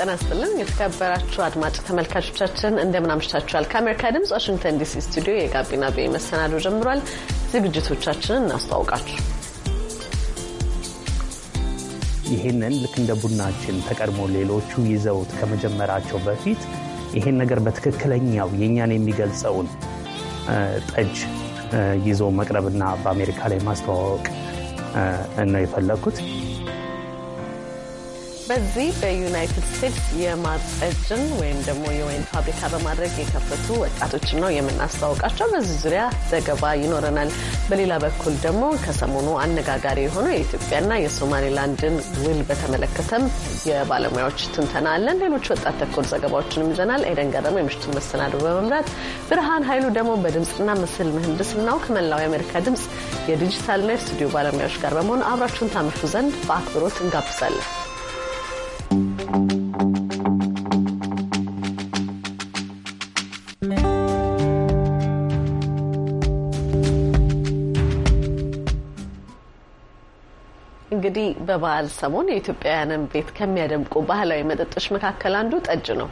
ጤና ይስጥልን የተከበራችሁ አድማጭ ተመልካቾቻችን እንደምን አምሽታችኋል። ከአሜሪካ ድምፅ ዋሽንግተን ዲሲ ስቱዲዮ የጋቢና ቤ መሰናዶ ጀምሯል። ዝግጅቶቻችንን እናስተዋውቃችሁ። ይህንን ልክ እንደ ቡናችን ተቀድሞ ሌሎቹ ይዘውት ከመጀመራቸው በፊት ይህን ነገር በትክክለኛው የእኛን የሚገልጸውን ጠጅ ይዞ መቅረብና በአሜሪካ ላይ ማስተዋወቅ ነው የፈለግኩት። በዚህ በዩናይትድ ስቴትስ የማጠጅን ወይም ደግሞ የወይን ፋብሪካ በማድረግ የከፈቱ ወጣቶችን ነው የምናስተዋውቃቸው። በዚህ ዙሪያ ዘገባ ይኖረናል። በሌላ በኩል ደግሞ ከሰሞኑ አነጋጋሪ የሆነው የኢትዮጵያና የሶማሌላንድን ውል በተመለከተም የባለሙያዎች ትንተና አለን። ሌሎች ወጣት ተኮር ዘገባዎችንም ይዘናል። ኤደን ገረመ የምሽቱን መሰናዶ በመምራት ብርሃን ኃይሉ ደግሞ በድምፅና ምስል ምህንድስናው ከመላው የአሜሪካ ድምፅ የዲጂታልና የስቱዲዮ ባለሙያዎች ጋር በመሆን አብራችሁን ታመሹ ዘንድ በአክብሮት እንጋብዛለን። እንግዲህ በበዓል ሰሞን የኢትዮጵያውያንን ቤት ከሚያደምቁ ባህላዊ መጠጦች መካከል አንዱ ጠጅ ነው።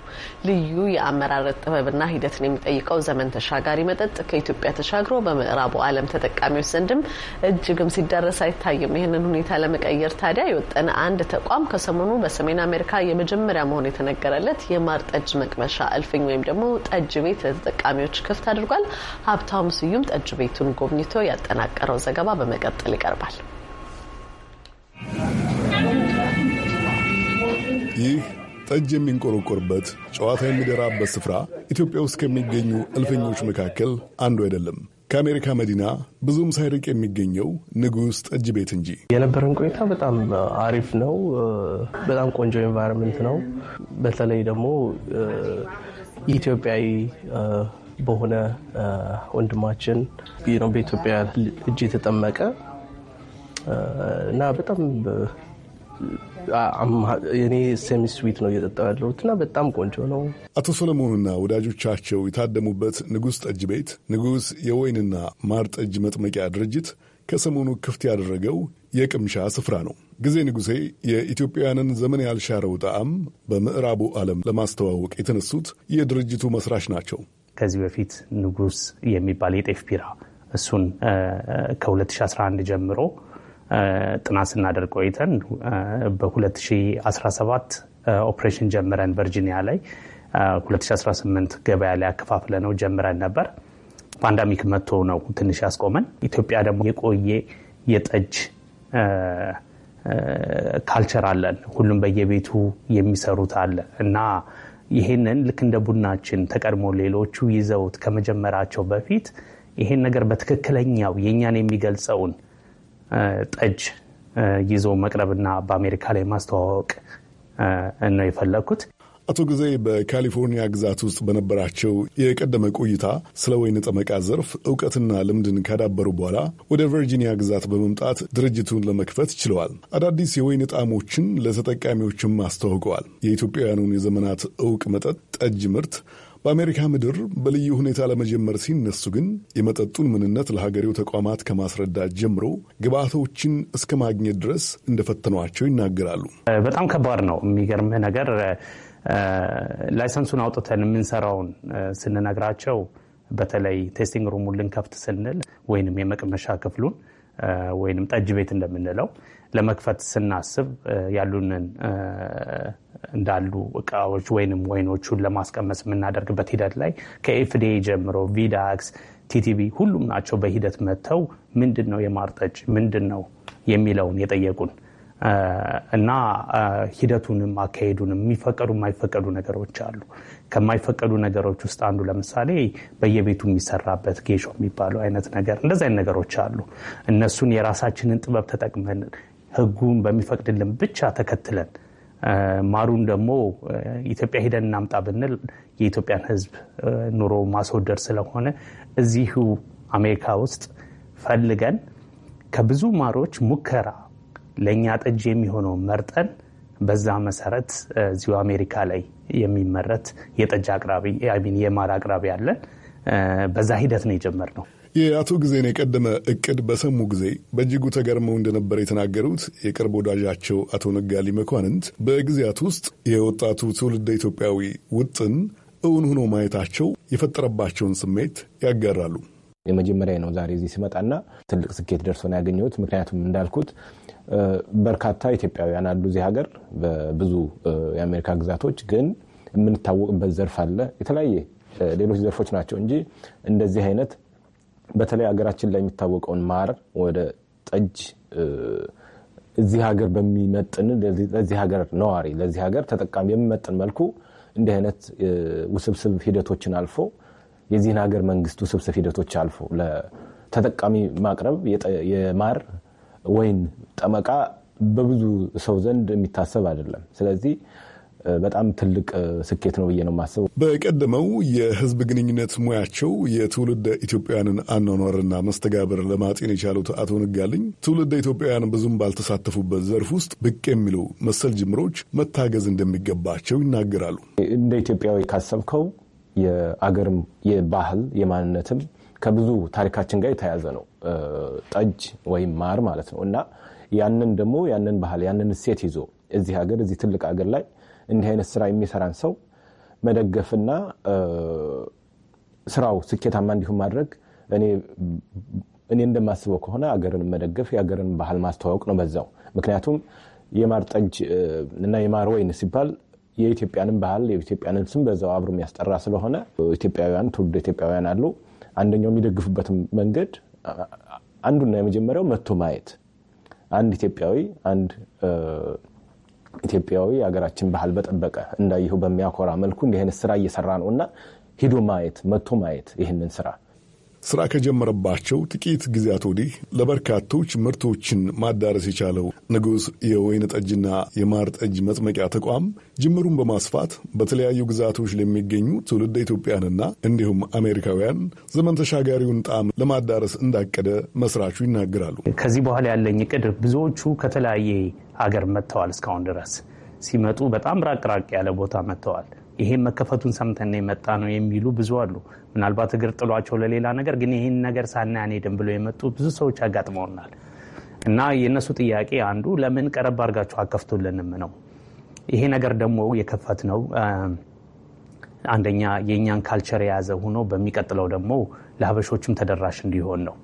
ልዩ የአመራረት ጥበብና ሂደትን የሚጠይቀው ዘመን ተሻጋሪ መጠጥ ከኢትዮጵያ ተሻግሮ በምዕራቡ ዓለም ተጠቃሚዎች ዘንድም እጅግም ሲዳረስ አይታይም። ይህንን ሁኔታ ለመቀየር ታዲያ የወጠነ አንድ ተቋም ከሰሞኑ በሰሜን አሜሪካ የመጀመሪያ መሆኑ የተነገረለት የማር ጠጅ መቅመሻ እልፍኝ ወይም ደግሞ ጠጅ ቤት ለተጠቃሚዎች ክፍት አድርጓል። ሀብታሙ ስዩም ጠጅ ቤቱን ጎብኝቶ ያጠናቀረው ዘገባ በመቀጠል ይቀርባል። ይህ ጠጅ የሚንቆረቆርበት ጨዋታ የሚደራበት ስፍራ ኢትዮጵያ ውስጥ ከሚገኙ እልፈኞች መካከል አንዱ አይደለም። ከአሜሪካ መዲና ብዙም ሳይርቅ የሚገኘው ንጉሥ ጠጅ ቤት እንጂ። የነበረን ቆይታ በጣም አሪፍ ነው። በጣም ቆንጆ ኤንቫይሮንመንት ነው። በተለይ ደግሞ ኢትዮጵያዊ በሆነ ወንድማችን በኢትዮጵያ እጅ የተጠመቀ እና በጣም እኔ ሴሚ ስዊት ነው እየጠጣው ያለሁት እና በጣም ቆንጆ ነው። አቶ ሰለሞንና ወዳጆቻቸው የታደሙበት ንጉሥ ጠጅ ቤት ንጉሥ የወይንና ማር ጠጅ መጥመቂያ ድርጅት ከሰሞኑ ክፍት ያደረገው የቅምሻ ስፍራ ነው። ጊዜ ንጉሴ የኢትዮጵያውያንን ዘመን ያልሻረው ጣዕም በምዕራቡ ዓለም ለማስተዋወቅ የተነሱት የድርጅቱ መስራች ናቸው። ከዚህ በፊት ንጉሥ የሚባል የጤፍ ቢራ እሱን ከ2011 ጀምሮ ጥናት ስናደርግ ቆይተን በ2017 ኦፕሬሽን ጀምረን ቨርጂኒያ ላይ 2018 ገበያ ላይ አከፋፍለ ነው ጀምረን ነበር። ፓንዳሚክ መጥቶ ነው ትንሽ ያስቆመን። ኢትዮጵያ ደግሞ የቆየ የጠጅ ካልቸር አለን። ሁሉም በየቤቱ የሚሰሩት አለ እና ይሄንን ልክ እንደ ቡናችን ተቀድሞ ሌሎቹ ይዘውት ከመጀመራቸው በፊት ይሄን ነገር በትክክለኛው የእኛን የሚገልጸውን ጠጅ ይዞ መቅረብና በአሜሪካ ላይ ማስተዋወቅ ነው የፈለግኩት። አቶ ጊዜ በካሊፎርኒያ ግዛት ውስጥ በነበራቸው የቀደመ ቆይታ ስለ ወይን ጠመቃ ዘርፍ እውቀትና ልምድን ካዳበሩ በኋላ ወደ ቨርጂኒያ ግዛት በመምጣት ድርጅቱን ለመክፈት ችለዋል። አዳዲስ የወይን ጣዕሞችን ለተጠቃሚዎችም አስተዋውቀዋል። የኢትዮጵያውያኑን የዘመናት እውቅ መጠጥ ጠጅ ምርት በአሜሪካ ምድር በልዩ ሁኔታ ለመጀመር ሲነሱ ግን የመጠጡን ምንነት ለሀገሬው ተቋማት ከማስረዳት ጀምሮ ግብአቶችን እስከ ማግኘት ድረስ እንደፈተኗቸው ይናገራሉ። በጣም ከባድ ነው። የሚገርም ነገር ላይሰንሱን አውጥተን የምንሰራውን ስንነግራቸው በተለይ ቴስቲንግ ሩሙን ልንከፍት ስንል ወይንም የመቅመሻ ክፍሉን ወይንም ጠጅ ቤት እንደምንለው ለመክፈት ስናስብ ያሉንን እንዳሉ እቃዎች ወይንም ወይኖቹን ለማስቀመስ የምናደርግበት ሂደት ላይ ከኤፍዲኤ ጀምሮ ቪዳክስ፣ ቲቲቪ ሁሉም ናቸው በሂደት መጥተው ምንድን ነው የማርጠጭ ምንድን ነው የሚለውን የጠየቁን እና ሂደቱንም አካሄዱንም የሚፈቀዱ የማይፈቀዱ ነገሮች አሉ። ከማይፈቀዱ ነገሮች ውስጥ አንዱ ለምሳሌ በየቤቱ የሚሰራበት ጌሾ የሚባለው አይነት ነገር እንደዚህ አይነት ነገሮች አሉ። እነሱን የራሳችንን ጥበብ ተጠቅመን ህጉን በሚፈቅድልን ብቻ ተከትለን ማሩን ደግሞ ኢትዮጵያ ሂደን እናምጣ ብንል የኢትዮጵያን ህዝብ ኑሮ ማስወደድ ስለሆነ እዚሁ አሜሪካ ውስጥ ፈልገን ከብዙ ማሮች ሙከራ ለእኛ ጠጅ የሚሆነው መርጠን በዛ መሰረት እዚሁ አሜሪካ ላይ የሚመረት የጠጅ አቅራቢ ሚን የማር አቅራቢ አለን። በዛ ሂደት ነው የጀመርነው። የአቶ ጊዜን የቀደመ እቅድ በሰሙ ጊዜ በእጅጉ ተገርመው እንደነበር የተናገሩት የቅርብ ወዳጃቸው አቶ ነጋሊ መኳንንት በጊዜያት ውስጥ የወጣቱ ትውልደ ኢትዮጵያዊ ውጥን እውን ሆኖ ማየታቸው የፈጠረባቸውን ስሜት ያጋራሉ። የመጀመሪያ ነው ዛሬ እዚህ ስመጣና ትልቅ ስኬት ደርሶ ነው ያገኘሁት። ምክንያቱም እንዳልኩት በርካታ ኢትዮጵያውያን አሉ እዚህ ሀገር በብዙ የአሜሪካ ግዛቶች ግን የምንታወቅበት ዘርፍ አለ። የተለያየ ሌሎች ዘርፎች ናቸው እንጂ እንደዚህ አይነት በተለይ ሀገራችን ላይ የሚታወቀውን ማር ወደ ጠጅ እዚህ ሀገር በሚመጥን ለዚህ ሀገር ነዋሪ ለዚህ ሀገር ተጠቃሚ በሚመጥን መልኩ እንዲህ አይነት ውስብስብ ሂደቶችን አልፎ የዚህን ሀገር መንግስት ውስብስብ ሂደቶች አልፎ ለተጠቃሚ ማቅረብ የማር ወይን ጠመቃ በብዙ ሰው ዘንድ የሚታሰብ አይደለም። ስለዚህ በጣም ትልቅ ስኬት ነው ብዬ ነው የማስበው። በቀደመው የህዝብ ግንኙነት ሙያቸው የትውልደ ኢትዮጵያውያንን አኗኗርና መስተጋብር ለማጤን የቻሉት አቶ ንጋልኝ ትውልደ ኢትዮጵያውያን ብዙም ባልተሳተፉበት ዘርፍ ውስጥ ብቅ የሚሉ መሰል ጅምሮች መታገዝ እንደሚገባቸው ይናገራሉ። እንደ ኢትዮጵያዊ ካሰብከው የአገርም የባህል የማንነትም ከብዙ ታሪካችን ጋር የተያያዘ ነው። ጠጅ ወይም ማር ማለት ነው እና ያንን ደግሞ ያንን ባህል ያንን እሴት ይዞ እዚህ ሀገር እዚህ ትልቅ ሀገር ላይ እንዲህ አይነት ስራ የሚሰራን ሰው መደገፍና ስራው ስኬታማ እንዲሁም ማድረግ እኔ እንደማስበው ከሆነ አገርን መደገፍ የአገርን ባህል ማስተዋወቅ ነው በዛው። ምክንያቱም የማር ጠጅ እና የማር ወይን ሲባል የኢትዮጵያንን ባህል የኢትዮጵያንን ስም በዛው አብሮ የሚያስጠራ ስለሆነ ኢትዮጵያውያን ትውልድ ኢትዮጵያውያን አሉ። አንደኛው የሚደግፉበትም መንገድ አንዱና የመጀመሪያው መጥቶ ማየት አንድ ኢትዮጵያዊ አንድ ኢትዮጵያዊ የሀገራችን ባህል በጠበቀ እንዳየሁ በሚያኮራ መልኩ እንዲህ አይነት ስራ እየሰራ ነው እና ሂዶ ማየት መጥቶ ማየት ይህንን ስራ ስራ ከጀመረባቸው ጥቂት ጊዜያት ወዲህ ለበርካቶች ምርቶችን ማዳረስ የቻለው ንጉሥ የወይን ጠጅና የማር ጠጅ መጥመቂያ ተቋም ጅምሩን በማስፋት በተለያዩ ግዛቶች ለሚገኙ ትውልደ ኢትዮጵያንና እንዲሁም አሜሪካውያን ዘመን ተሻጋሪውን ጣዕም ለማዳረስ እንዳቀደ መስራቹ ይናገራሉ። ከዚህ በኋላ ያለኝ እቅድ ብዙዎቹ ከተለያየ አገር መጥተዋል። እስካሁን ድረስ ሲመጡ በጣም ራቅ ራቅ ያለ ቦታ መጥተዋል። ይሄ መከፈቱን ሰምተን የመጣ ነው የሚሉ ብዙ አሉ። ምናልባት እግር ጥሏቸው ለሌላ ነገር ግን ይህን ነገር ሳናይ አንሄድም ብሎ የመጡ ብዙ ሰዎች አጋጥመውናል። እና የእነሱ ጥያቄ አንዱ ለምን ቀረብ አድርጋችሁ አከፍቶልንም ነው። ይሄ ነገር ደግሞ የከፈት ነው አንደኛ የእኛን ካልቸር የያዘ ሆኖ በሚቀጥለው ደግሞ ለሀበሾችም ተደራሽ እንዲሆን ነው።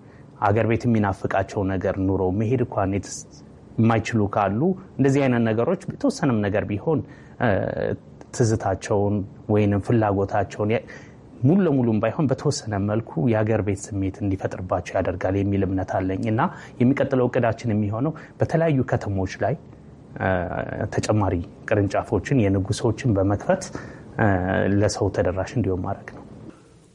አገር ቤት የሚናፍቃቸው ነገር ኑሮ መሄድ እንኳን የማይችሉ ካሉ እንደዚህ አይነት ነገሮች የተወሰነም ነገር ቢሆን ትዝታቸውን ወይንም ፍላጎታቸውን ሙሉ ለሙሉም ባይሆን በተወሰነ መልኩ የሀገር ቤት ስሜት እንዲፈጥርባቸው ያደርጋል የሚል እምነት አለኝ እና የሚቀጥለው እቅዳችን የሚሆነው በተለያዩ ከተሞች ላይ ተጨማሪ ቅርንጫፎችን የንጉሶችን በመክፈት ለሰው ተደራሽ እንዲሆን ማድረግ ነው።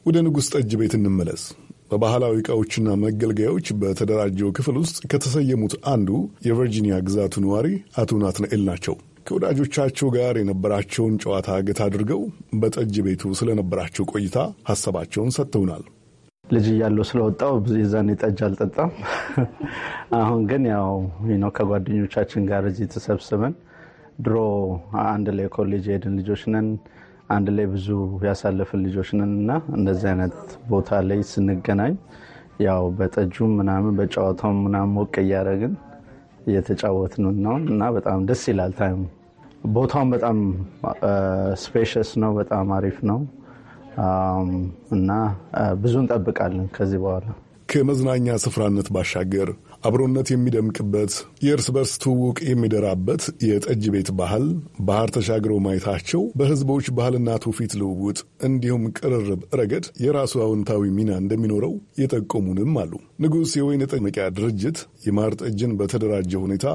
ወደ ንጉሥ ጠጅ ቤት እንመለስ። በባህላዊ እቃዎችና መገልገያዎች በተደራጀው ክፍል ውስጥ ከተሰየሙት አንዱ የቨርጂኒያ ግዛቱ ነዋሪ አቶ ናትናኤል ናቸው። ከወዳጆቻቸው ጋር የነበራቸውን ጨዋታ ግት አድርገው በጠጅ ቤቱ ስለነበራቸው ቆይታ ሀሳባቸውን ሰጥተውናል። ልጅ እያለሁ ስለወጣው የዛኔ ጠጅ አልጠጣም። አሁን ግን ያው ነው ከጓደኞቻችን ጋር እዚህ ተሰብስበን ድሮ አንድ ላይ ኮሌጅ የሄድን ልጆች ነን፣ አንድ ላይ ብዙ ያሳለፍን ልጆች ነን እና እንደዚህ አይነት ቦታ ላይ ስንገናኝ ያው በጠጁም ምናምን በጨዋታውም ምናምን ሞቅ እያደረግን እየተጫወትን ነው እና በጣም ደስ ይላል ታይሙ ቦታውን በጣም ስፔሸስ ነው። በጣም አሪፍ ነው እና ብዙ እንጠብቃለን ከዚህ በኋላ ከመዝናኛ ስፍራነት ባሻገር አብሮነት የሚደምቅበት የእርስ በርስ ትውውቅ የሚደራበት የጠጅ ቤት ባህል ባህር ተሻግረው ማየታቸው በሕዝቦች ባህልና ትውፊት ልውውጥ እንዲሁም ቅርርብ ረገድ የራሱ አዎንታዊ ሚና እንደሚኖረው የጠቆሙንም አሉ። ንጉሥ የወይን ጠመቂያ ድርጅት የማር ጠጅን በተደራጀ ሁኔታ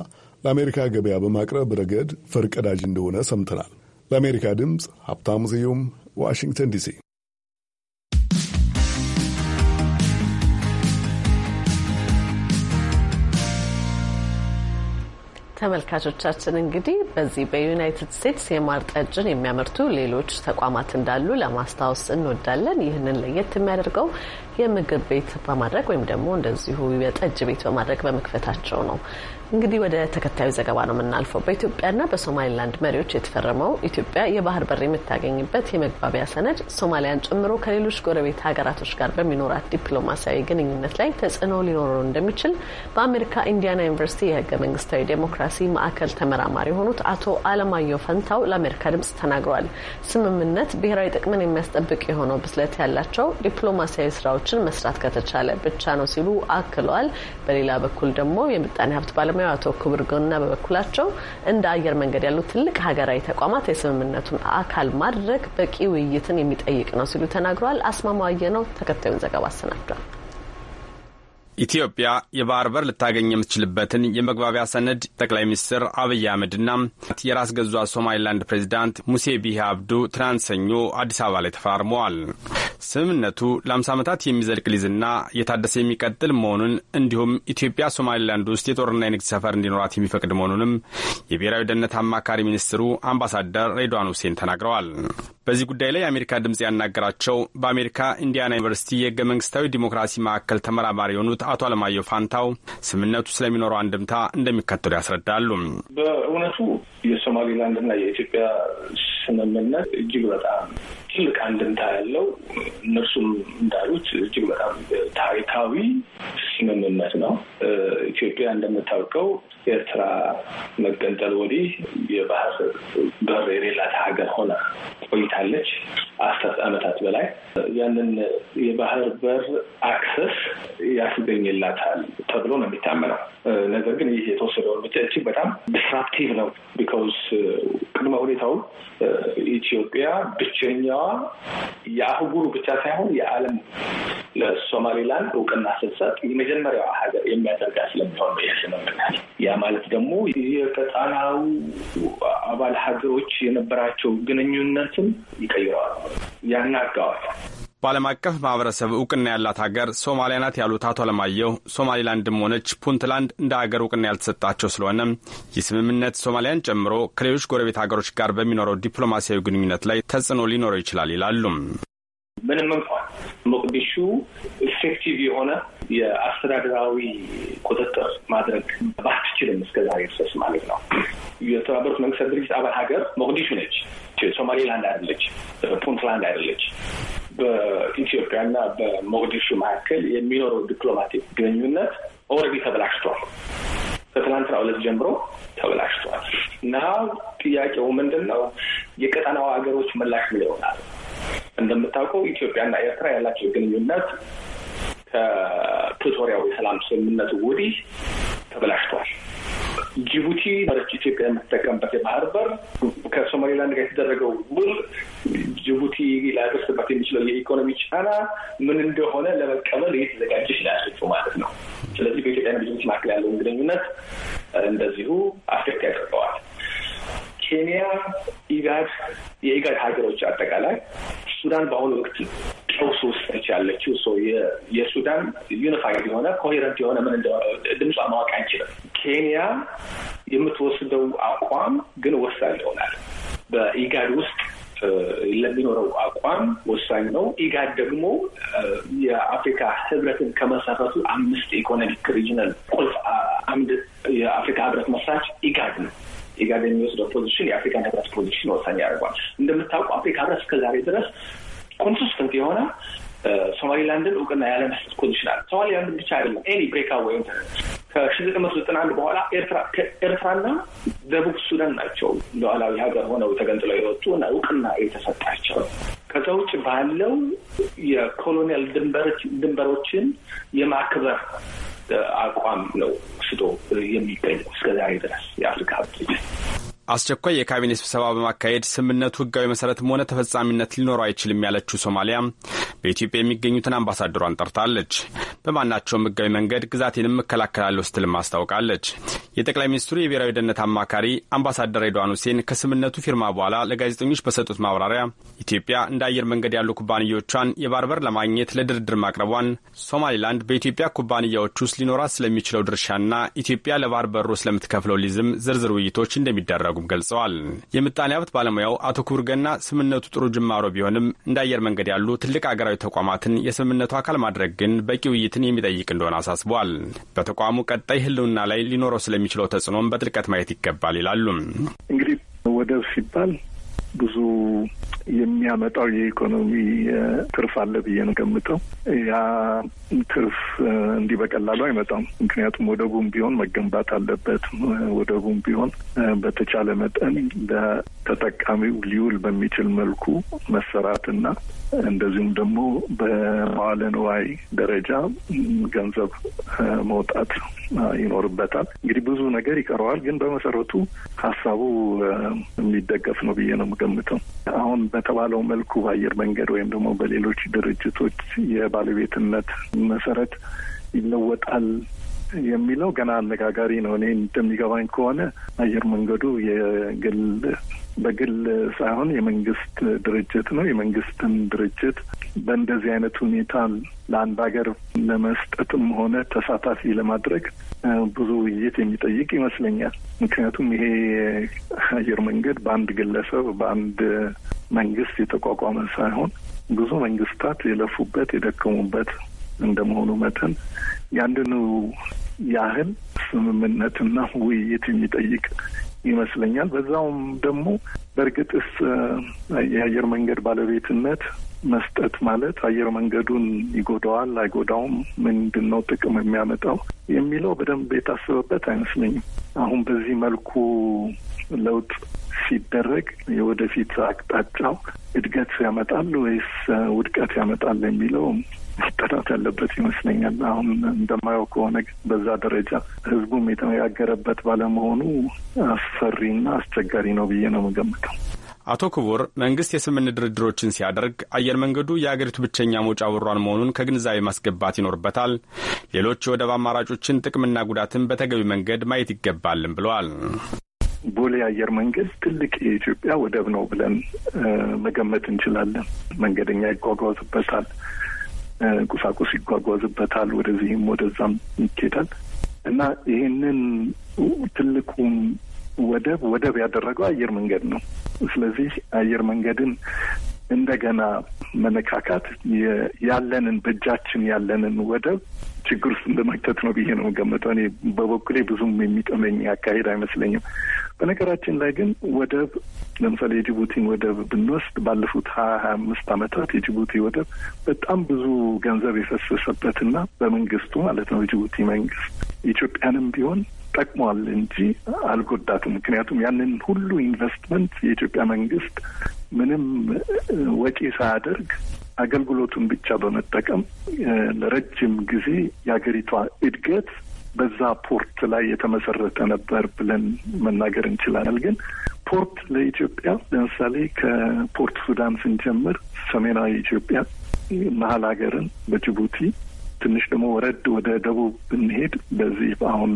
ለአሜሪካ ገበያ በማቅረብ ረገድ ፈርቀዳጅ እንደሆነ ሰምተናል። ለአሜሪካ ድምፅ ሀብታሙ ስዩም ዋሽንግተን ዲሲ። ተመልካቾቻችን እንግዲህ በዚህ በዩናይትድ ስቴትስ የማር ጠጅን የሚያመርቱ ሌሎች ተቋማት እንዳሉ ለማስታወስ እንወዳለን። ይህንን ለየት የሚያደርገው የምግብ ቤት በማድረግ ወይም ደግሞ እንደዚሁ የጠጅ ቤት በማድረግ በመክፈታቸው ነው። እንግዲህ ወደ ተከታዩ ዘገባ ነው የምናልፈው። በኢትዮጵያና በሶማሌላንድ መሪዎች የተፈረመው ኢትዮጵያ የባህር በር የምታገኝበት የመግባቢያ ሰነድ ሶማሊያን ጨምሮ ከሌሎች ጎረቤት ሀገራቶች ጋር በሚኖራት ዲፕሎማሲያዊ ግንኙነት ላይ ተጽዕኖ ሊኖረው እንደሚችል በአሜሪካ ኢንዲያና ዩኒቨርሲቲ የህገ መንግስታዊ ዴሞክራሲ ማዕከል ተመራማሪ የሆኑት አቶ አለማየሁ ፈንታው ለአሜሪካ ድምጽ ተናግረዋል። ስምምነት ብሔራዊ ጥቅምን የሚያስጠብቅ የሆነው ብስለት ያላቸው ዲፕሎማሲያዊ ስራዎችን መስራት ከተቻለ ብቻ ነው ሲሉ አክለዋል። በሌላ በኩል ደግሞ የምጣኔ ሀብት ባለሙያ ባለሙያ አቶ ክቡር ግና በበኩላቸው እንደ አየር መንገድ ያሉ ትልቅ ሀገራዊ ተቋማት የስምምነቱን አካል ማድረግ በቂ ውይይትን የሚጠይቅ ነው ሲሉ ተናግረዋል። አስማማው አየነው ተከታዩን ዘገባ አሰናዷል። ኢትዮጵያ የባህር በር ልታገኝ የምትችልበትን የመግባቢያ ሰነድ ጠቅላይ ሚኒስትር አብይ አህመድና የራስ ገዟ ሶማሊላንድ ፕሬዚዳንት ሙሴ ቢሄ አብዱ ትናንት ሰኞ አዲስ አበባ ላይ ተፈራርመዋል። ስምምነቱ ለአምሳ ዓመታት የሚዘልቅ ሊዝና እየታደሰ የሚቀጥል መሆኑን እንዲሁም ኢትዮጵያ ሶማሊላንድ ውስጥ የጦርና የንግድ ሰፈር እንዲኖራት የሚፈቅድ መሆኑንም የብሔራዊ ደህንነት አማካሪ ሚኒስትሩ አምባሳደር ሬድዋን ሁሴን ተናግረዋል። በዚህ ጉዳይ ላይ የአሜሪካ ድምፅ ያናገራቸው በአሜሪካ ኢንዲያና ዩኒቨርሲቲ የህገ መንግስታዊ ዲሞክራሲ ማዕከል ተመራማሪ የሆኑት የገለጹት አቶ አለማየሁ ፋንታው ስምምነቱ ስለሚኖረው አንድምታ እንደሚከተሉ ያስረዳሉ። በእውነቱ የሶማሌላንድና የኢትዮጵያ ስምምነት እጅግ በጣም ትልቅ አንድምታ ያለው እነርሱም እንዳሉት እጅግ በጣም ታሪካዊ ስምምነት ነው። ኢትዮጵያ እንደምታውቀው ኤርትራ መገንጠል ወዲህ የባህር በር የሌላት ሀገር ሆና ቆይታለች አስር ዓመታት በላይ ያንን የባህር በር አክሰስ ያስገኝላታል ተብሎ ነው የሚታመነው። ነገር ግን ይህ የተወሰደው እርምጃ እጅግ በጣም ዲስራፕቲቭ ነው። ቢካውስ ቅድመ ሁኔታው ኢትዮጵያ ብቸኛዋ የአህጉሩ ብቻ ሳይሆን የዓለም ለሶማሌላንድ እውቅና ስትሰጥ የመጀመሪያዋ ሀገር የሚያደርጋ ስለሚሆን በያስመምናል። ያ ማለት ደግሞ የቀጣናው አባል ሀገሮች የነበራቸው ግንኙነትም ይቀይረዋል፣ ያናጋዋል። በዓለም አቀፍ ማህበረሰብ እውቅና ያላት ሀገር ሶማሊያ ናት ያሉት አቶ አለማየሁ ሶማሊላንድም ሆነች ፑንትላንድ እንደ ሀገር እውቅና ያልተሰጣቸው ስለሆነ የስምምነት ሶማሊያን ጨምሮ ከሌሎች ጎረቤት ሀገሮች ጋር በሚኖረው ዲፕሎማሲያዊ ግንኙነት ላይ ተጽዕኖ ሊኖረው ይችላል ይላሉም። ምንም እንኳን ሞቅዲሹ ኢፌክቲቭ የሆነ የአስተዳደራዊ ቁጥጥር ማድረግ ባትችልም እስከዛሬ ድረስ ማለት ነው። የተባበሩት መንግስታት ድርጅት አባል ሀገር ሞቅዲሹ ነች። ሶማሌላንድ አይደለች፣ ፑንትላንድ አይደለች። በኢትዮጵያና በሞቅዲሹ መካከል የሚኖረው ዲፕሎማቲክ ግንኙነት ኦልሬዲ ተበላሽቷል። ከትናንትና ዕለት ጀምሮ ተበላሽቷል እና ጥያቄው ምንድን ነው? የቀጠናው ሀገሮች ምላሽ ምን ይሆናል? እንደምታውቀው ኢትዮጵያና ኤርትራ ያላቸው ግንኙነት ከፕሪቶሪያው የሰላም ስምምነቱ ወዲህ ተበላሽቷል። ጅቡቲ በረች ኢትዮጵያ የምትጠቀምበት የባህር በር ከሶማሌላንድ ጋር የተደረገው ውል ጅቡቲ ላደርስበት የሚችለው የኢኮኖሚ ጫና ምን እንደሆነ ለመቀበል እየተዘጋጀች ላያለችው ማለት ነው። ስለዚህ በኢትዮጵያና በጅቡቲ መካከል ያለውን ግንኙነት እንደዚሁ አፍሪካ ያደርገዋል። ኬንያ ኢጋድ የኢጋድ ሀገሮች አጠቃላይ ሱዳን በአሁኑ ወቅት ቀውስ ውስጥ ያለችው። የሱዳን ዩኒፋይድ የሆነ ኮሄረንት የሆነ ምን ድምጿ ማወቅ አንችልም። ኬንያ የምትወስደው አቋም ግን ወሳኝ ይሆናል። በኢጋድ ውስጥ ለሚኖረው አቋም ወሳኝ ነው። ኢጋድ ደግሞ የአፍሪካ ህብረትን ከመሰረቱ አምስት ኢኮኖሚክ ሪጅናል ቁልፍ አምድ የአፍሪካ ህብረት መስራች ኢጋድ ነው። ኢጋድ የሚወስደው ፖዚሽን የአፍሪካን ህብረት ፖዚሽን ወሳኝ ያደርጓል። እንደምታውቁ አፍሪካ ህብረት እስከዛሬ ድረስ ኮንሲስተንት የሆነ ሶማሊላንድን እውቅና ያለ መስጠት ፖዚሽን አለ። ላንድን ብቻ አይደለም ኤኒ ብሬካ ወይም ከሺ ዘጠኝ መቶ ዘጠና አንድ በኋላ ኤርትራና ደቡብ ሱዳን ናቸው ሉዓላዊ ሀገር ሆነው ተገንጥለው የወጡ እና እውቅና የተሰጣቸው። ከዛ ውጭ ባለው የኮሎኒያል ድንበሮችን የማክበር አቋም ነው ስቶ የሚገኘው እስከዛሬ ድረስ የአፍሪካ ህብረት አስቸኳይ የካቢኔ ስብሰባ በማካሄድ ስምምነቱ ህጋዊ መሰረትም ሆነ ተፈጻሚነት ሊኖረው አይችልም ያለችው ሶማሊያ በኢትዮጵያ የሚገኙትን አምባሳደሯን ጠርታለች። በማናቸውም ህጋዊ መንገድ ግዛቴንም እከላከላለሁ ስትልም አስታውቃለች። የጠቅላይ ሚኒስትሩ የብሔራዊ ደህንነት አማካሪ አምባሳደር ሬድዋን ሁሴን ከስምምነቱ ፊርማ በኋላ ለጋዜጠኞች በሰጡት ማብራሪያ ኢትዮጵያ እንደ አየር መንገድ ያሉ ኩባንያዎቿን የባህር በር ለማግኘት ለድርድር ማቅረቧን፣ ሶማሊላንድ በኢትዮጵያ ኩባንያዎች ውስጥ ሊኖራት ስለሚችለው ድርሻና ኢትዮጵያ ለባህር በሩ ስለምትከፍለው ሊዝም ዝርዝር ውይይቶች እንደሚደረጉ እንደሚያደርጉም ገልጸዋል። የምጣኔ ሀብት ባለሙያው አቶ ክቡር ገና ስምምነቱ ጥሩ ጅማሮ ቢሆንም እንደ አየር መንገድ ያሉ ትልቅ አገራዊ ተቋማትን የስምምነቱ አካል ማድረግ ግን በቂ ውይይትን የሚጠይቅ እንደሆነ አሳስበዋል። በተቋሙ ቀጣይ ሕልውና ላይ ሊኖረው ስለሚችለው ተጽዕኖም በጥልቀት ማየት ይገባል ይላሉ። እንግዲህ ወደብ ሲባል ብዙ የሚያመጣው የኢኮኖሚ ትርፍ አለ ብዬ ነው ገምተው። ያ ትርፍ እንዲህ በቀላሉ አይመጣም። ምክንያቱም ወደቡም ቢሆን መገንባት አለበት። ወደቡም ቢሆን በተቻለ መጠን ለተጠቃሚው ሊውል በሚችል መልኩ መሰራትና እንደዚሁም ደግሞ በመዋለ ንዋይ ደረጃ ገንዘብ መውጣት ይኖርበታል። እንግዲህ ብዙ ነገር ይቀረዋል፣ ግን በመሰረቱ ሀሳቡ የሚደገፍ ነው ብዬ ነው የምገምተው። አሁን በተባለው መልኩ በአየር መንገድ ወይም ደግሞ በሌሎች ድርጅቶች የባለቤትነት መሰረት ይለወጣል የሚለው ገና አነጋጋሪ ነው። እኔ እንደሚገባኝ ከሆነ አየር መንገዱ የግል በግል ሳይሆን የመንግስት ድርጅት ነው። የመንግስትን ድርጅት በእንደዚህ አይነት ሁኔታ ለአንድ ሀገር ለመስጠትም ሆነ ተሳታፊ ለማድረግ ብዙ ውይይት የሚጠይቅ ይመስለኛል። ምክንያቱም ይሄ አየር መንገድ በአንድ ግለሰብ በአንድ መንግስት የተቋቋመ ሳይሆን ብዙ መንግስታት የለፉበት የደከሙበት እንደመሆኑ መጠን ያንድኑ ያህል ስምምነትና ውይይት የሚጠይቅ ይመስለኛል። በዛውም ደግሞ በእርግጥስ የአየር መንገድ ባለቤትነት መስጠት ማለት አየር መንገዱን ይጎዳዋል አይጎዳውም፣ ምንድን ነው ጥቅም የሚያመጣው የሚለው በደንብ የታሰበበት አይመስለኝም። አሁን በዚህ መልኩ ለውጥ ሲደረግ የወደፊት አቅጣጫው እድገት ያመጣል ወይስ ውድቀት ያመጣል የሚለው መጠናት ያለበት ይመስለኛል። አሁን እንደማየው ከሆነ በዛ ደረጃ ህዝቡም የተነጋገረበት ባለመሆኑ አስፈሪና አስቸጋሪ ነው ብዬ ነው የምገምተው። አቶ ክቡር መንግስት የስምምነት ድርድሮችን ሲያደርግ አየር መንገዱ የአገሪቱ ብቸኛ መውጫ በሯን መሆኑን ከግንዛቤ ማስገባት ይኖርበታል። ሌሎች የወደብ አማራጮችን ጥቅምና ጉዳትን በተገቢ መንገድ ማየት ይገባልም ብለዋል። ቦሌ አየር መንገድ ትልቅ የኢትዮጵያ ወደብ ነው ብለን መገመት እንችላለን። መንገደኛ ይጓጓዝበታል። ቁሳቁስ ይጓጓዝበታል፣ ወደዚህም ወደዛም ይኬዳል እና ይህንን ትልቁን ወደብ ወደብ ያደረገው አየር መንገድ ነው። ስለዚህ አየር መንገድን እንደገና መነካካት ያለንን በእጃችን ያለንን ወደብ ችግር ውስጥ እንደመክተት ነው ብዬ ነው ገምጠው። እኔ በበኩሌ ብዙም የሚጠመኝ አካሄድ አይመስለኝም። በነገራችን ላይ ግን ወደብ ለምሳሌ የጅቡቲን ወደብ ብንወስድ ባለፉት ሀያ ሀያ አምስት አመታት የጅቡቲ ወደብ በጣም ብዙ ገንዘብ የፈሰሰበትና በመንግስቱ ማለት ነው የጅቡቲ መንግስት ኢትዮጵያንም ቢሆን ጠቅሟል እንጂ አልጎዳትም። ምክንያቱም ያንን ሁሉ ኢንቨስትመንት የኢትዮጵያ መንግስት ምንም ወጪ ሳያደርግ አገልግሎቱን ብቻ በመጠቀም ለረጅም ጊዜ የሀገሪቷ እድገት በዛ ፖርት ላይ የተመሰረተ ነበር ብለን መናገር እንችላለን። ግን ፖርት ለኢትዮጵያ ለምሳሌ ከፖርት ሱዳን ስንጀምር ሰሜናዊ ኢትዮጵያ መሀል ሀገርን በጅቡቲ ትንሽ ደግሞ ወረድ ወደ ደቡብ ብንሄድ በዚህ አሁን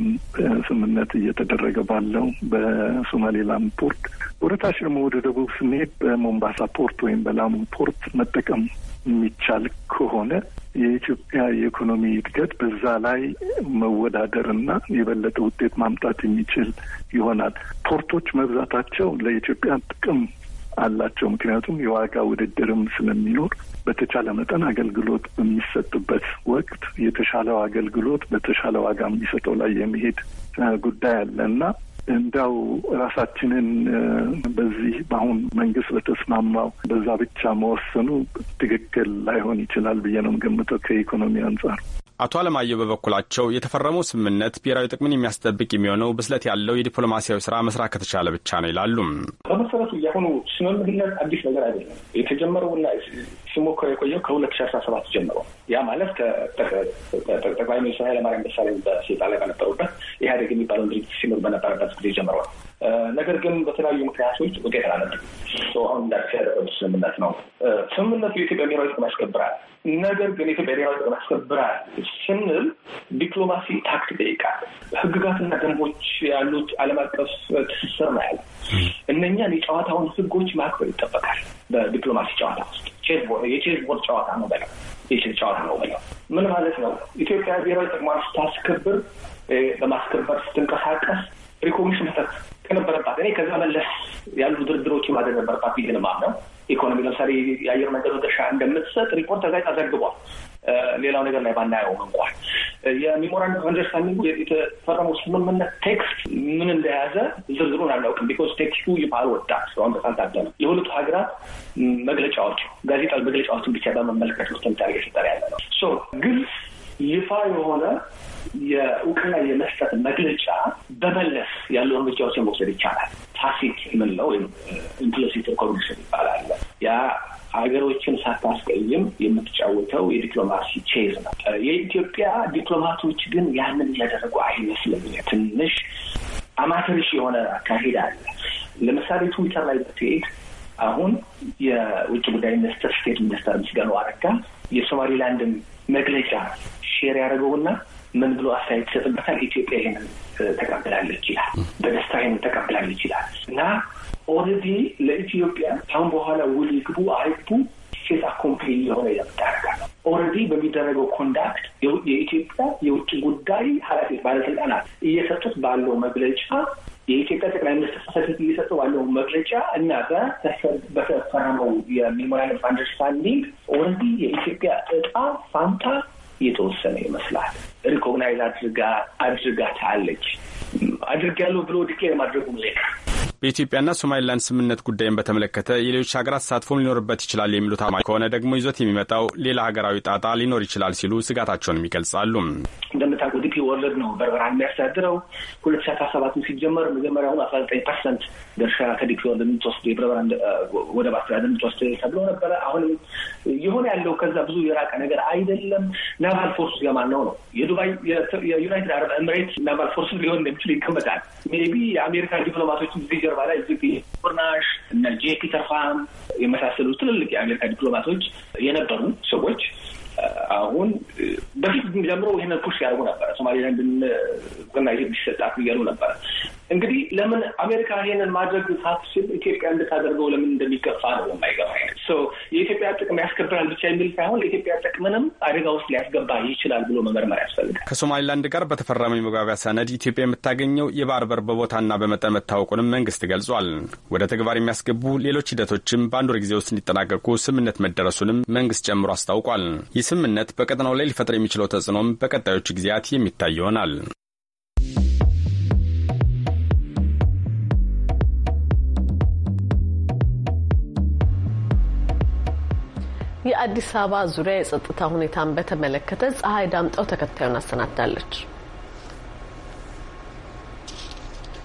ስምምነት እየተደረገ ባለው በሶማሌላንድ ፖርት ወደታች ደግሞ ወደ ደቡብ ስንሄድ በሞምባሳ ፖርት ወይም በላሙ ፖርት መጠቀም የሚቻል ከሆነ የኢትዮጵያ የኢኮኖሚ እድገት በዛ ላይ መወዳደርና የበለጠ ውጤት ማምጣት የሚችል ይሆናል። ፖርቶች መብዛታቸው ለኢትዮጵያ ጥቅም አላቸው። ምክንያቱም የዋጋ ውድድርም ስለሚኖር በተቻለ መጠን አገልግሎት በሚሰጥበት ወቅት የተሻለው አገልግሎት በተሻለ ዋጋ የሚሰጠው ላይ የሚሄድ ጉዳይ አለ እና እንዲያው ራሳችንን በዚህ በአሁን መንግስት በተስማማው በዛ ብቻ መወሰኑ ትክክል ላይሆን ይችላል ብዬ ነው የምገምተው ከኢኮኖሚ አንጻር አቶ አለማየሁ በበኩላቸው የተፈረመው ስምምነት ብሔራዊ ጥቅምን የሚያስጠብቅ የሚሆነው ብስለት ያለው የዲፕሎማሲያዊ ስራ መስራት ከተቻለ ብቻ ነው ይላሉ። በመሰረቱ የአሁኑ ስምምነት አዲስ ነገር አይደለም። የተጀመረውና ሲሞከር የቆየው ከሁለት ሺ አስራ ሰባት ጀምሮ ያ ማለት ጠቅላይ ሚኒስትር ኃይለማርያም ደሳለኝ በስልጣን ላይ በነበሩበት ኢህአዴግ የሚባለውን ድርጅት ሲኖር በነበረበት ጊዜ ጀምረዋል። ነገር ግን በተለያዩ ምክንያቶች ውጤት አላመጡም። አሁን እንዳዲስ ያደረጉት ስምምነት ነው። ስምምነቱ የኢትዮጵያ ብሔራዊ ጥቅም ያስከብራል። ነገር ግን የኢትዮጵያ ብሔራዊ ጥቅም ያስከብራል ስንል ዲፕሎማሲ ታክት ይጠይቃል። ህግጋትና ደንቦች ያሉት ዓለም አቀፍ ትስስር ነው ያለ እነኛን የጨዋታውን ህጎች ማክበር ይጠበቃል። በዲፕሎማሲ ጨዋታ ውስጥ የቼዝ ቦርድ ጨዋታ ነው በለው የቼዝ ጨዋታ ነው በለው ምን ማለት ነው? ኢትዮጵያ ብሔራዊ ጥቅሟን ስታስከብር፣ በማስከበር ስትንቀሳቀስ ሪኮግኒሽን መስጠት ከነበረባት እኔ ከዛ መለስ ያሉ ድርድሮች ማድረግ ነበረባት ብዬ ነው የማምነው። ኢኮኖሚ ለምሳሌ የአየር መንገድ መድረሻ እንደምትሰጥ ሪፖርት ተጋይጣ ዘግቧል። ሌላው ነገር ላይ ባናየውም እንኳን የሜሞራንደም አንደርስታንዲንጉ የተፈረመው ስምምነት ቴክስት ምን እንደያዘ ዝርዝሩን አናውቅም። ቢኮዝ ቴክስቱ ይፋ አልወጣም፣ እስካሁን ተሳልታለ ነው። የሁለቱ ሀገራት መግለጫዎች፣ ጋዜጣ መግለጫዎችን ብቻ በመመልከት ነው ትንታኔ እየሰጠን ያለ ነው ግልጽ ይፋ የሆነ የእውቅና የመስጠት መግለጫ በመለስ ያሉ እርምጃዎች መውሰድ ይቻላል። ታሲት የምንለው ወይም ኢምፕሊሲት ሪኮግኒሽን ይባላል። ያ ሀገሮችን ሳታስቀይም የምትጫወተው የዲፕሎማሲ ቼዝ ነው። የኢትዮጵያ ዲፕሎማቶች ግን ያንን እያደረጉ አይመስልም። ትንሽ አማተርሽ የሆነ አካሄድ አለ። ለምሳሌ ትዊተር ላይ ብትሄድ አሁን የውጭ ጉዳይ ሚኒስትር ስቴት ሚኒስተር ምስጋናው አረጋ የሶማሊላንድን መግለጫ ሼር ያደረገውና ምን ብሎ አስተያየት ይሰጥበታል? ኢትዮጵያ ይህንን ተቀብላለች ይላል። በደስታ ይህንን ተቀብላለች ይላል እና ኦልሬዲ ለኢትዮጵያ ካሁን በኋላ ውል ይግቡ አይግቡ ሴት አኮምፕሊ የሆነ የምታደረጋ ነው። ኦልሬዲ በሚደረገው ኮንዳክት የኢትዮጵያ የውጭ ጉዳይ ኃላፊ ባለስልጣናት እየሰጡት ባለው መግለጫ የኢትዮጵያ ጠቅላይ ሚኒስትር ጽሕፈት ቤት እየሰጡ ባለው መግለጫ እና በተፈረመው የሜሞራንደም አንደርስታንዲንግ ኦልሬዲ የኢትዮጵያ እጣ ፋንታ የተወሰነ ይመስላል። ሪኮግናይዝ አድርጋ አድርጋ ታለች አድርግ ያለው ብሎ ዲክሌር ማድረጉ ሙዚቃ የኢትዮጵያና ሶማሌላንድ ስምምነት ጉዳይን በተመለከተ የሌሎች ሀገራት ተሳትፎም ሊኖርበት ይችላል የሚሉት አማ ከሆነ ደግሞ ይዞት የሚመጣው ሌላ ሀገራዊ ጣጣ ሊኖር ይችላል ሲሉ ስጋታቸውንም ይገልጻሉ። እንደምታውቁት ዲፒ ወርልድ ነው በርበራ የሚያስተዳድረው። ሁለት ሺ አስራ ሰባቱ ሲጀመር መጀመሪያውን አስራ ዘጠኝ ፐርሰንት ድርሻ ከዲፒ ወርልድ የምትወስድ የበርበራ ወደብ አስተዳደር የምትወስድ ተብሎ ነበረ። አሁንም የሆነ ያለው ከዛ ብዙ የራቀ ነገር አይደለም። ናቫል ፎርስ ለማን ነው ነው የዱባይ የዩናይትድ አረብ ኤምሬት ናቫል ፎርስ ሊሆን እንደሚችል ይገመታል። ሜይ ቢ የአሜሪካ ዲፕሎማቶች ዚገር ጀርባ ላይ እዚህ ርናሽ እነ ጄ ፒተር የመሳሰሉ ትልልቅ የአሜሪካ ዲፕሎማቶች የነበሩ ሰዎች አሁን በፊት ጀምሮ ይህንን ፑሽ ያደርጉ ነበረ። ሶማሌላንድን እውቅና ሴት እያሉ ነበረ። እንግዲህ ለምን አሜሪካ ይሄንን ማድረግ ሳትችል ኢትዮጵያ እንድታደርገው ለምን እንደሚገፋ ነው የማይገባ አይነት የኢትዮጵያ ጥቅም ያስከብራል ብቻ የሚል ሳይሆን የኢትዮጵያ ጥቅምንም አደጋ ውስጥ ሊያስገባ ይችላል ብሎ መመርመር ያስፈልጋል። ከሶማሊላንድ ጋር በተፈረመ የመግባቢያ ሰነድ ኢትዮጵያ የምታገኘው የባህር በር በቦታና በመጠን መታወቁንም መንግስት ገልጿል። ወደ ተግባር የሚያስገቡ ሌሎች ሂደቶችም በአንድ ወር ጊዜ ውስጥ እንዲጠናቀቁ ስምምነት መደረሱንም መንግስት ጨምሮ አስታውቋል። ይህ ስምምነት በቀጠናው ላይ ሊፈጥር የሚችለው ተጽዕኖም በቀጣዮቹ ጊዜያት የሚታይ ይሆናል። የአዲስ አበባ ዙሪያ የጸጥታ ሁኔታን በተመለከተ ፀሐይ ዳምጠው ተከታዩን አሰናዳለች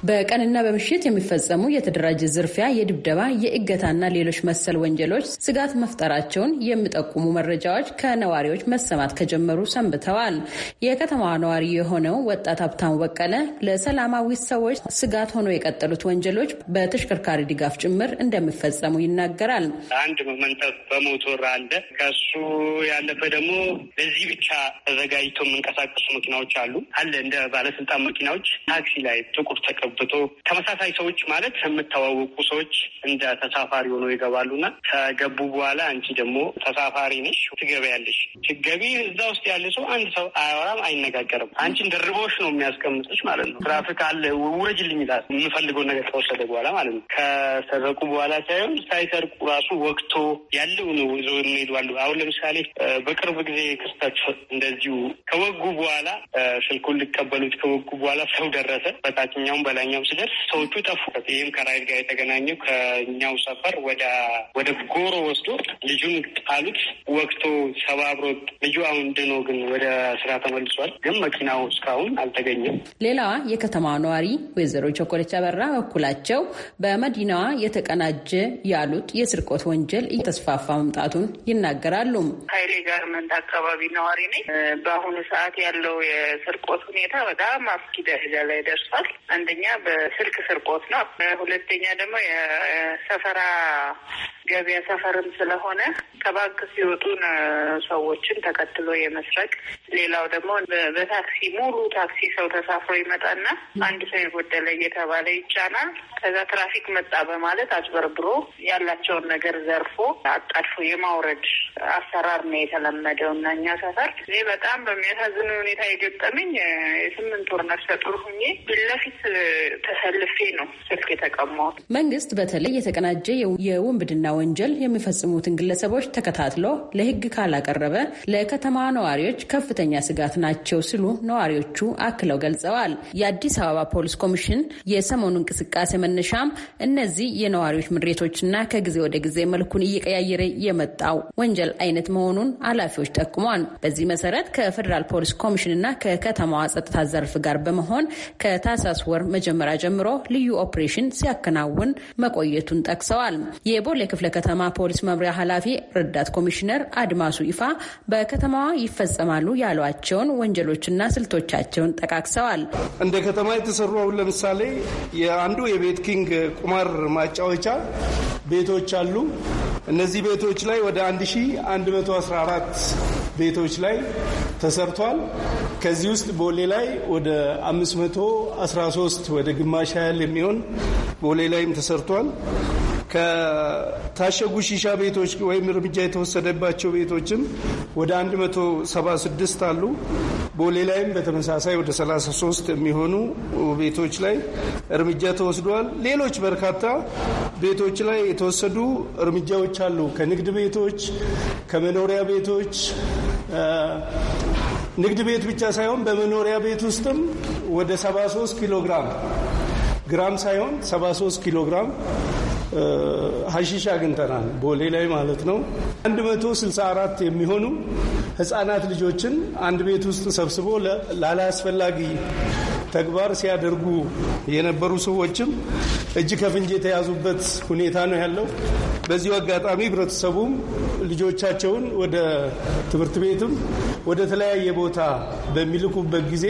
በቀንና በምሽት የሚፈጸሙ የተደራጀ ዝርፊያ፣ የድብደባ፣ የእገታና ሌሎች መሰል ወንጀሎች ስጋት መፍጠራቸውን የሚጠቁሙ መረጃዎች ከነዋሪዎች መሰማት ከጀመሩ ሰንብተዋል። የከተማዋ ነዋሪ የሆነው ወጣት ሀብታም በቀለ ለሰላማዊ ሰዎች ስጋት ሆኖ የቀጠሉት ወንጀሎች በተሽከርካሪ ድጋፍ ጭምር እንደሚፈጸሙ ይናገራል። አንድ መንጠፍ በሞቶር አለ። ከሱ ያለፈ ደግሞ በዚህ ብቻ ተዘጋጅቶ የሚንቀሳቀሱ መኪናዎች አሉ አለ እንደ ባለስልጣን መኪናዎች ታክሲ ላይ ጥቁር ተቀ ጨብጦ ተመሳሳይ ሰዎች ማለት የምታዋወቁ ሰዎች እንደ ተሳፋሪ ሆኖ ይገባሉና ከገቡ በኋላ አንቺ ደግሞ ተሳፋሪ ነሽ ትገቢያለሽ። ትገቢ እዛ ውስጥ ያለ ሰው አንድ ሰው አያወራም፣ አይነጋገርም። አንቺን ደርቦሽ ነው የሚያስቀምጥሽ ማለት ነው። ትራፊክ አለ ውረጅልኝ ይላል የምፈልገው ነገር ከወሰደ በኋላ ማለት ነው። ከሰረቁ በኋላ ሳይሆን ሳይሰርቁ ራሱ ወቅቶ ያለው ነው ይዞ እንሄዳሉ። አሁን ለምሳሌ በቅርብ ጊዜ ክስተት እንደዚሁ ከወጉ በኋላ ስልኩን ሊቀበሉት ከወጉ በኋላ ሰው ደረሰ በታችኛውም በላ ላይኛው ስደርስ ሰዎቹ ጠፉ። ይህም ከራይድ ጋር የተገናኘው ከኛው ሰፈር ወደ ወደ ጎሮ ወስዶ ልጁን ጣሉት። ወቅቶ ሰባብሮ ልጁ አሁን ድኖ ግን ወደ ስራ ተመልሷል። ግን መኪናው እስካሁን አልተገኘም። ሌላዋ የከተማ ነዋሪ ወይዘሮ ቸኮለች አበራ በኩላቸው በመዲናዋ የተቀናጀ ያሉት የስርቆት ወንጀል እየተስፋፋ መምጣቱን ይናገራሉ። ሀይሌ ጋርመንት አካባቢ ነዋሪ ነኝ። በአሁኑ ሰዓት ያለው የስርቆት ሁኔታ በጣም አስኪ ደረጃ ላይ ደርሷል። አንደኛ በስልክ ስርቆት ነው። ሁለተኛ ደግሞ የሰፈራ ገበያ ሰፈርም ስለሆነ ከባንክ ሲወጡ ሰዎችን ተከትሎ የመስረቅ ሌላው ደግሞ በታክሲ ሙሉ ታክሲ ሰው ተሳፍሮ ይመጣና አንድ ሰው የጎደለ እየተባለ ይጫናል። ከዛ ትራፊክ መጣ በማለት አጭበርብሮ ያላቸውን ነገር ዘርፎ አጣድፎ የማውረድ አሰራር ነው የተለመደው እና እኛ ሰፈር እኔ በጣም በሚያሳዝን ሁኔታ የገጠመኝ የስምንት ወር ነፍሰ ጡር ሁኜ ፊት ለፊት ተሰልፌ ነው ስልክ የተቀማሁት። መንግስት በተለይ የተቀናጀ የውንብድና ወንጀል የሚፈጽሙትን ግለሰቦች ተከታትሎ ለሕግ ካላቀረበ ለከተማ ነዋሪዎች ከፍተኛ ስጋት ናቸው ሲሉ ነዋሪዎቹ አክለው ገልጸዋል። የአዲስ አበባ ፖሊስ ኮሚሽን የሰሞኑ እንቅስቃሴ መነሻም እነዚህ የነዋሪዎች ምሬቶችና ከጊዜ ወደ ጊዜ መልኩን እየቀያየረ የመጣው ወንጀል አይነት መሆኑን ኃላፊዎች ጠቁሟል። በዚህ መሰረት ከፌዴራል ፖሊስ ኮሚሽንና ከከተማዋ ጸጥታ ዘርፍ ጋር በመሆን ከታህሳስ ወር መጀመሪያ ጀምሮ ልዩ ኦፕሬሽን ሲያከናውን መቆየቱን ጠቅሰዋል። የቦሌ ክፍለ ከተማ ፖሊስ መምሪያ ኃላፊ ረዳት ኮሚሽነር አድማሱ ይፋ በከተማዋ ይፈጸማሉ ያሏቸውን ወንጀሎችና ስልቶቻቸውን ጠቃቅሰዋል። እንደ ከተማ የተሰሩ አሁን ለምሳሌ የአንዱ የቤት ኪንግ ቁማር ማጫወቻ ቤቶች አሉ። እነዚህ ቤቶች ላይ ወደ 1114 ቤቶች ላይ ተሰርቷል። ከዚህ ውስጥ ቦሌ ላይ ወደ 513 ወደ ግማሽ ያህል የሚሆን ቦሌ ላይም ተሰርቷል። ከታሸጉ ሺሻ ቤቶች ወይም እርምጃ የተወሰደባቸው ቤቶችም ወደ 176 አሉ። ቦሌ ላይም በተመሳሳይ ወደ 33 የሚሆኑ ቤቶች ላይ እርምጃ ተወስዷል። ሌሎች በርካታ ቤቶች ላይ የተወሰዱ እርምጃዎች አሉ። ከንግድ ቤቶች፣ ከመኖሪያ ቤቶች ንግድ ቤት ብቻ ሳይሆን በመኖሪያ ቤት ውስጥም ወደ 73 ኪሎ ግራም ግራም ሳይሆን 73 ኪሎ ግራም ሀሺሽ አግኝተናል። ቦሌ ላይ ማለት ነው። 164 የሚሆኑ ህጻናት ልጆችን አንድ ቤት ውስጥ ሰብስቦ ላላስፈላጊ ተግባር ሲያደርጉ የነበሩ ሰዎችም እጅ ከፍንጅ የተያዙበት ሁኔታ ነው ያለው። በዚሁ አጋጣሚ ህብረተሰቡም ልጆቻቸውን ወደ ትምህርት ቤትም ወደ ተለያየ ቦታ በሚልኩበት ጊዜ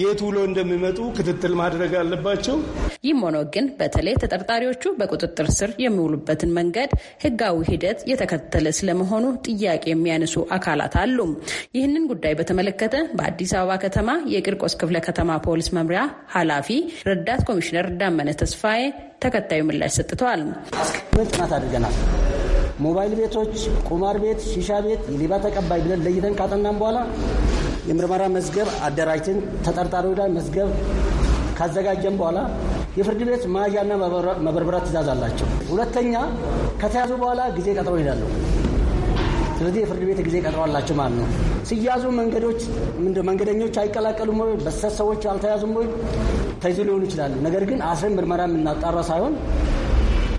የት ውሎ እንደሚመጡ ክትትል ማድረግ አለባቸው። ይህም ሆኖ ግን በተለይ ተጠርጣሪዎቹ በቁጥጥር ስር የሚውሉበትን መንገድ ህጋዊ ሂደት የተከተለ ስለመሆኑ ጥያቄ የሚያነሱ አካላት አሉ። ይህንን ጉዳይ በተመለከተ በአዲስ አበባ ከተማ የቂርቆስ ክፍለ ከተማ ፖሊስ መምሪያ ኃላፊ ረዳት ኮሚሽነር ዳመነ ተስፋዬ ተከታዩ ምላሽ ሰጥተዋል። ጥናት አድርገናል። ሞባይል ቤቶች፣ ቁማር ቤት፣ ሺሻ ቤት የሌባ ተቀባይ ብለን ለይተን ካጠናም በኋላ የምርመራ መዝገብ አደራጅተን ተጠርጣሪ ላይ መዝገብ ካዘጋጀን በኋላ የፍርድ ቤት መያዣና መበርበሪያ ትእዛዝ አላቸው። ሁለተኛ ከተያዙ በኋላ ጊዜ ቀጥሮ ይሄዳሉ። ስለዚህ የፍርድ ቤት ጊዜ ቀጥሮ አላቸው ማለት ነው። ሲያዙ መንገዶች መንገደኞች አይቀላቀሉም ወይ በሰት ሰዎች አልተያዙም ወይ ተይዞ ሊሆኑ ይችላሉ። ነገር ግን አስረን ምርመራ የምናጣራ ሳይሆን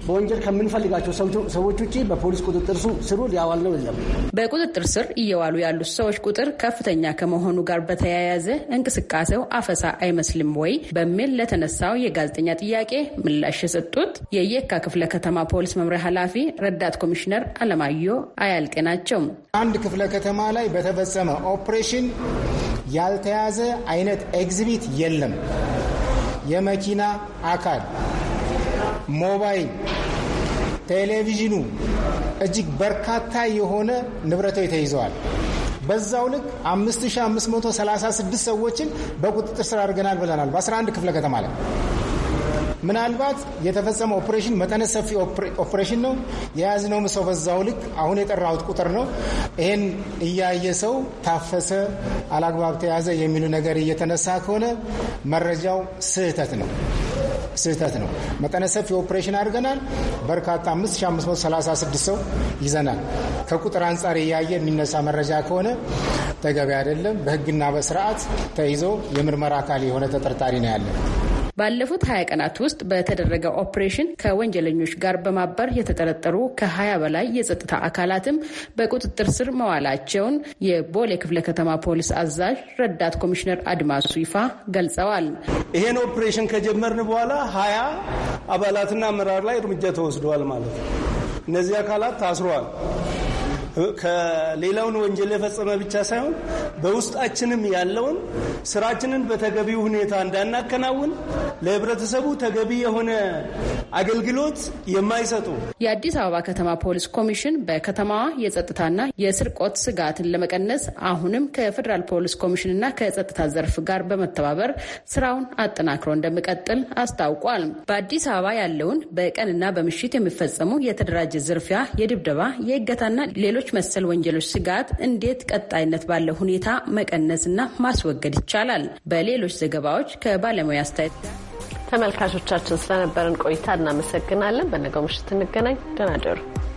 በወንጀል ከምንፈልጋቸው ሰዎች ውጭ በፖሊስ ቁጥጥር ስሩ ሊያዋል ነው የለም። በቁጥጥር ስር እየዋሉ ያሉት ሰዎች ቁጥር ከፍተኛ ከመሆኑ ጋር በተያያዘ እንቅስቃሴው አፈሳ አይመስልም ወይ በሚል ለተነሳው የጋዜጠኛ ጥያቄ ምላሽ የሰጡት የየካ ክፍለ ከተማ ፖሊስ መምሪያ ኃላፊ ረዳት ኮሚሽነር አለማዮ አያልቅ ናቸው። አንድ ክፍለ ከተማ ላይ በተፈጸመ ኦፕሬሽን ያልተያዘ አይነት ኤግዚቢት የለም። የመኪና አካል ሞባይል፣ ቴሌቪዥኑ እጅግ በርካታ የሆነ ንብረቶች ተይዘዋል። በዛው ልክ 5536 ሰዎችን በቁጥጥር ስር አድርገናል ብለናል። በ11 ክፍለ ከተማ ላይ ምናልባት የተፈጸመ ኦፕሬሽን መጠነ ሰፊ ኦፕሬሽን ነው። የያዝነውም ሰው በዛው ልክ አሁን የጠራሁት ቁጥር ነው። ይሄን እያየ ሰው ታፈሰ፣ አላግባብ ተያዘ የሚሉ ነገር እየተነሳ ከሆነ መረጃው ስህተት ነው። ስህተት ነው። መጠነ ሰፊ ኦፕሬሽን አድርገናል። በርካታ 5536 ሰው ይዘናል። ከቁጥር አንጻር እያየ የሚነሳ መረጃ ከሆነ ተገቢ አይደለም። በህግና በስርዓት ተይዞ የምርመራ አካል የሆነ ተጠርጣሪ ነው ያለን። ባለፉት ሀያ ቀናት ውስጥ በተደረገ ኦፕሬሽን ከወንጀለኞች ጋር በማበር የተጠረጠሩ ከሀያ በላይ የጸጥታ አካላትም በቁጥጥር ስር መዋላቸውን የቦሌ ክፍለ ከተማ ፖሊስ አዛዥ ረዳት ኮሚሽነር አድማሱ ይፋ ገልጸዋል። ይሄን ኦፕሬሽን ከጀመርን በኋላ ሀያ አባላትና አመራር ላይ እርምጃ ተወስደዋል ማለት ነው። እነዚህ አካላት ታስረዋል። ከሌላውን ወንጀል የፈጸመ ብቻ ሳይሆን በውስጣችንም ያለውን ስራችንን በተገቢው ሁኔታ እንዳናከናውን ለህብረተሰቡ ተገቢ የሆነ አገልግሎት የማይሰጡ የአዲስ አበባ ከተማ ፖሊስ ኮሚሽን በከተማዋ የጸጥታና የስርቆት ስጋትን ለመቀነስ አሁንም ከፌዴራል ፖሊስ ኮሚሽንና ከጸጥታ ዘርፍ ጋር በመተባበር ስራውን አጠናክሮ እንደሚቀጥል አስታውቋል። በአዲስ አበባ ያለውን በቀንና በምሽት የሚፈጸሙ የተደራጀ ዝርፊያ፣ የድብደባ፣ የእገታና ሌሎች ሌሎች መሰል ወንጀሎች ስጋት እንዴት ቀጣይነት ባለው ሁኔታ መቀነስና ማስወገድ ይቻላል? በሌሎች ዘገባዎች ከባለሙያ አስተያየት ተመልካቾቻችን ስለነበረን ቆይታ እናመሰግናለን። በነገው ምሽት እንገናኝ። ደህና ደሩ።